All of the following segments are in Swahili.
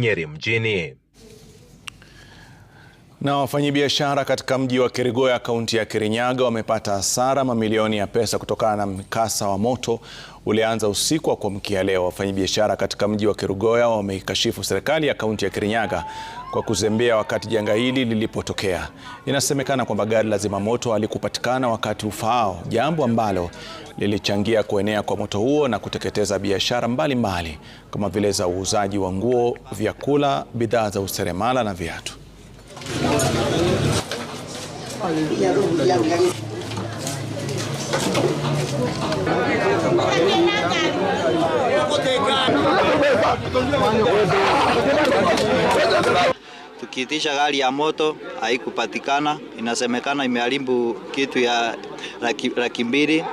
Nyeri mjini. Na wafanyabiashara katika mji wa Kirigoya kaunti ya Kirinyaga wamepata hasara mamilioni ya pesa kutokana na mkasa wa moto ulianza usiku wa kuamkia leo. Wafanyabiashara katika mji wa Kirigoya wameikashifu serikali ya kaunti ya Kirinyaga kwa kuzembea wakati janga hili lilipotokea. Inasemekana kwamba gari la zimamoto halikupatikana wakati ufaao, jambo ambalo lilichangia kuenea kwa moto huo na kuteketeza biashara mbalimbali kama vile za uuzaji wa nguo, vyakula, bidhaa za useremala na viatu. Tukiitisha gari ya moto haikupatikana, inasemekana imeharibu kitu ya laki mbili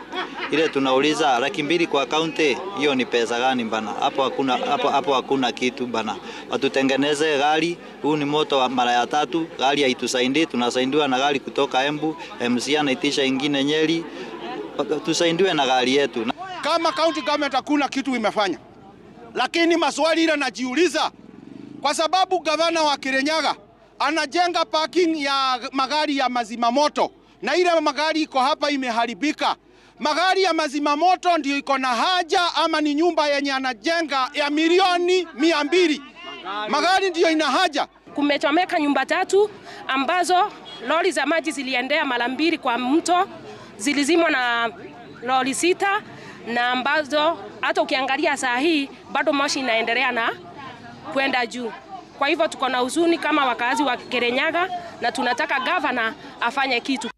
ile tunauliza laki mbili kwa akaunti hiyo ni pesa gani bana? Hapo hakuna, hapo, hapo hakuna kitu bana. Watutengeneze gari, huu ni moto wa mara ya tatu, gari haitusaidii, tunasaidiwa na gari kutoka Embu, MC anaitisha ingine Nyeri, tusaidiwe na gari yetu. Kama county government hakuna kitu imefanya, lakini maswali ile najiuliza kwa sababu gavana wa Kirinyaga anajenga parking ya magari ya mazima moto na ile magari iko hapa imeharibika magari ya mazima moto ndio iko na haja ama ni nyumba yenye anajenga ya milioni mia mbili magari ndiyo ina haja. Kumechomeka nyumba tatu ambazo lori za maji ziliendea mara mbili kwa mto, zilizimwa na lori sita, na ambazo hata ukiangalia saa hii bado moshi inaendelea na kwenda juu. Kwa hivyo tuko na huzuni kama wakazi wa Kirenyaga na tunataka gavana afanye kitu.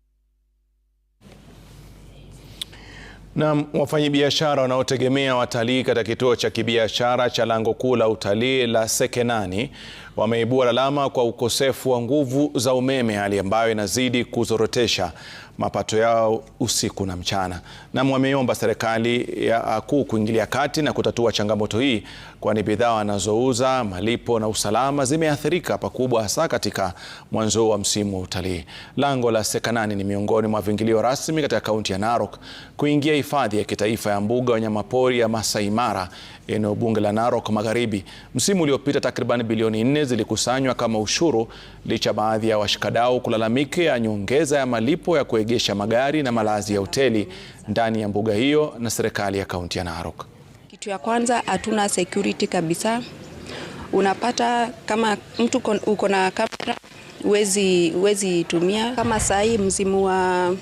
Na wafanyabiashara wanaotegemea watalii katika kituo cha kibiashara cha lango kuu la utalii la Sekenani wameibua lalama kwa ukosefu wa nguvu za umeme, hali ambayo inazidi kuzorotesha mapato yao usiku na mchana, na wameiomba serikali ya kuu kuingilia kati na kutatua changamoto hii, kwani bidhaa wanazouza, malipo na usalama zimeathirika pakubwa, hasa katika mwanzo wa msimu wa utalii. Lango la Sekanani ni miongoni mwa viingilio rasmi katika kaunti ya Narok kuingia hifadhi ya kitaifa ya mbuga wanyamapori ya Masai Mara, eneo bunge la Narok Magharibi. Msimu uliopita takriban bilioni nne zilikusanywa kama ushuru, licha baadhi ya washikadau ya nyongeza ya malipo ya kwe kuegesha magari na malazi ya hoteli ndani ya mbuga hiyo na serikali ya kaunti ya Narok. Kitu ya kwanza, hatuna security kabisa. Unapata kama mtu uko na kamera uwezi uwezi tumia. Kama saa hii msimu wa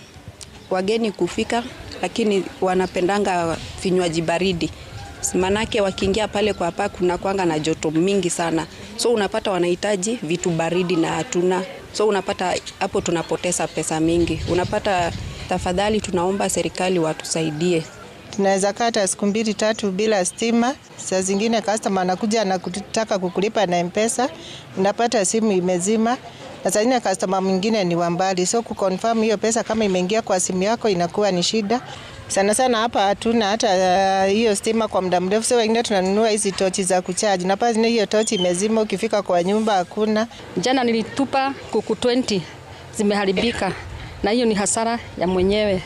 wageni kufika, lakini wanapendanga vinywaji baridi manake wakiingia pale kwa paa kuna kwanga na joto mingi sana, so unapata wanahitaji vitu baridi na hatuna So unapata hapo tunapoteza pesa mingi, unapata tafadhali, tunaomba serikali watusaidie. Tunaweza kata siku mbili tatu bila stima. Saa zingine customer anakuja anataka kukulipa na Mpesa, unapata simu imezima, na saa zingine customer mwingine ni wa mbali, so kuconfirm hiyo pesa kama imeingia kwa simu yako inakuwa ni shida sana sana hapa hatuna hata uh, hiyo stima kwa muda mrefu, sio wengine tunanunua hizi tochi za kuchaji, na pale hiyo tochi imezima, ukifika kwa nyumba hakuna. Jana nilitupa kuku 20 zimeharibika, na hiyo ni hasara ya mwenyewe.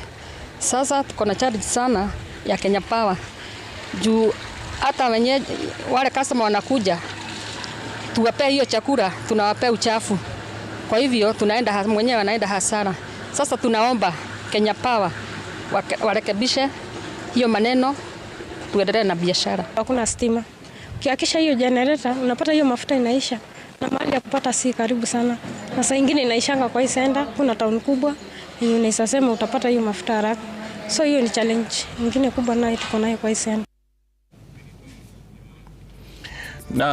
Sasa tuko na charge sana ya Kenya Power juu hata wenye wale customer wanakuja tuwapee hiyo chakula, tunawapea uchafu. Kwa hivyo tunaenda mwenyewe anaenda hasara. Sasa tunaomba Kenya Power warekebishe hiyo maneno, tuendelee na biashara. Hakuna stima, ukiakisha hiyo jenereta unapata hiyo mafuta inaisha, na mahali ya kupata si karibu sana, na saa ingine inaishanga kwa hii senda. Kuna town kubwa yenye utapata hiyo mafuta haraka, so hiyo ni challenge nyingine kubwa nayo tuko nayo kwa hii senda.